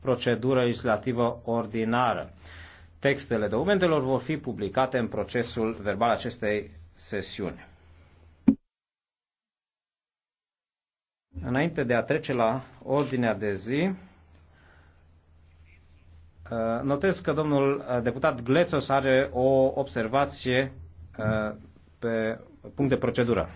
procedură legislativă ordinară. Textele documentelor vor fi publicate în procesul verbal acestei sesiuni. Înainte de a trece la ordinea de zi, uh, notez că domnul uh, deputat Glețos are o observație uh, pe punct de procedură.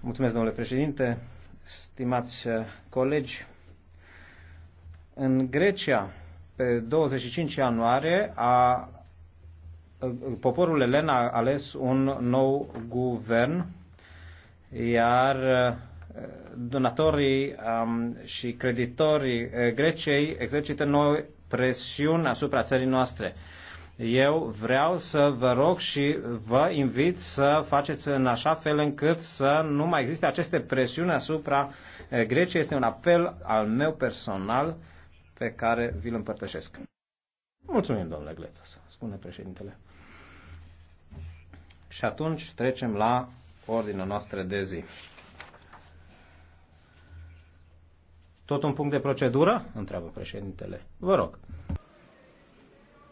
Mulțumesc, domnule președinte stimați uh, colegi, în Grecia, pe 25 ianuarie, a, uh, poporul elen a ales un nou guvern, iar uh, donatorii um, și creditorii Greciei exercită noi presiuni asupra țării noastre. Uh, eu vreau să vă rog și vă invit să faceți în așa fel încât să nu mai existe aceste presiuni asupra eh, Greciei. Este un apel al meu personal pe care vi-l împărtășesc. Mulțumim, domnule Gleță, spune președintele. Și atunci trecem la ordinea noastră de zi. Tot un punct de procedură? Întreabă președintele. Vă rog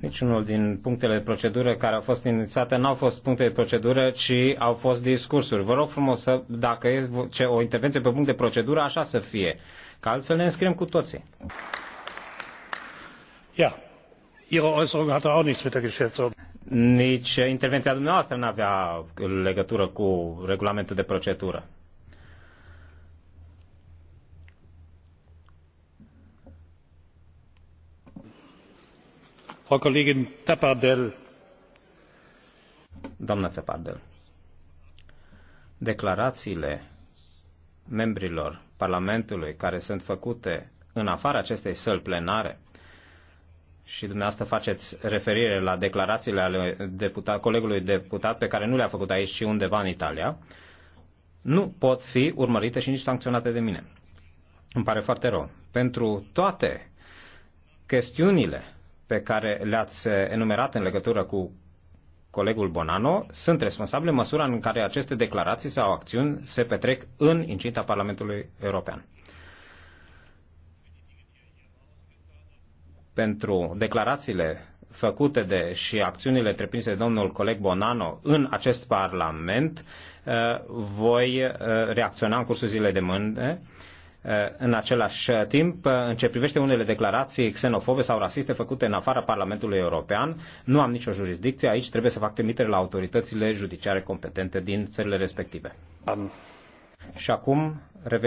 niciunul din punctele de procedură care au fost inițiate nu au fost puncte de procedură ci au fost discursuri. vă rog frumos să, dacă e o intervenție pe punct de procedură așa să fie că altfel ne înscriem cu toții. Ja, Ihre Äußerung hatte auch nichts mit der Geschäftsordnung. Nici intervenția dumneavoastră nu avea legătură cu regulamentul de procedură. doamnă tapardell declarațiile membrilor parlamentului care sunt făcute în afara acestei săli plenare și dumneavoastră faceți referire la declarațiile ale deputat, colegului deputat pe care nu le-a făcut aici, ci undeva în Italia, nu pot fi urmărite și nici sancționate de mine. Îmi pare foarte rău. Pentru toate chestiunile pe care le-ați enumerat în legătură cu colegul Bonano sunt responsabile în măsura în care aceste declarații sau acțiuni se petrec în incinta Parlamentului European. Pentru declarațiile făcute de și acțiunile întreprinse de domnul coleg Bonano în acest Parlament, eh, voi eh, reacționa în cursul zilei de mâine Uh, în același uh, timp, uh, în ce privește unele declarații xenofobe sau rasiste făcute în afara Parlamentului European, nu am nicio jurisdicție, aici trebuie să fac trimitere la autoritățile judiciare competente din țările respective. Am. Și acum revenim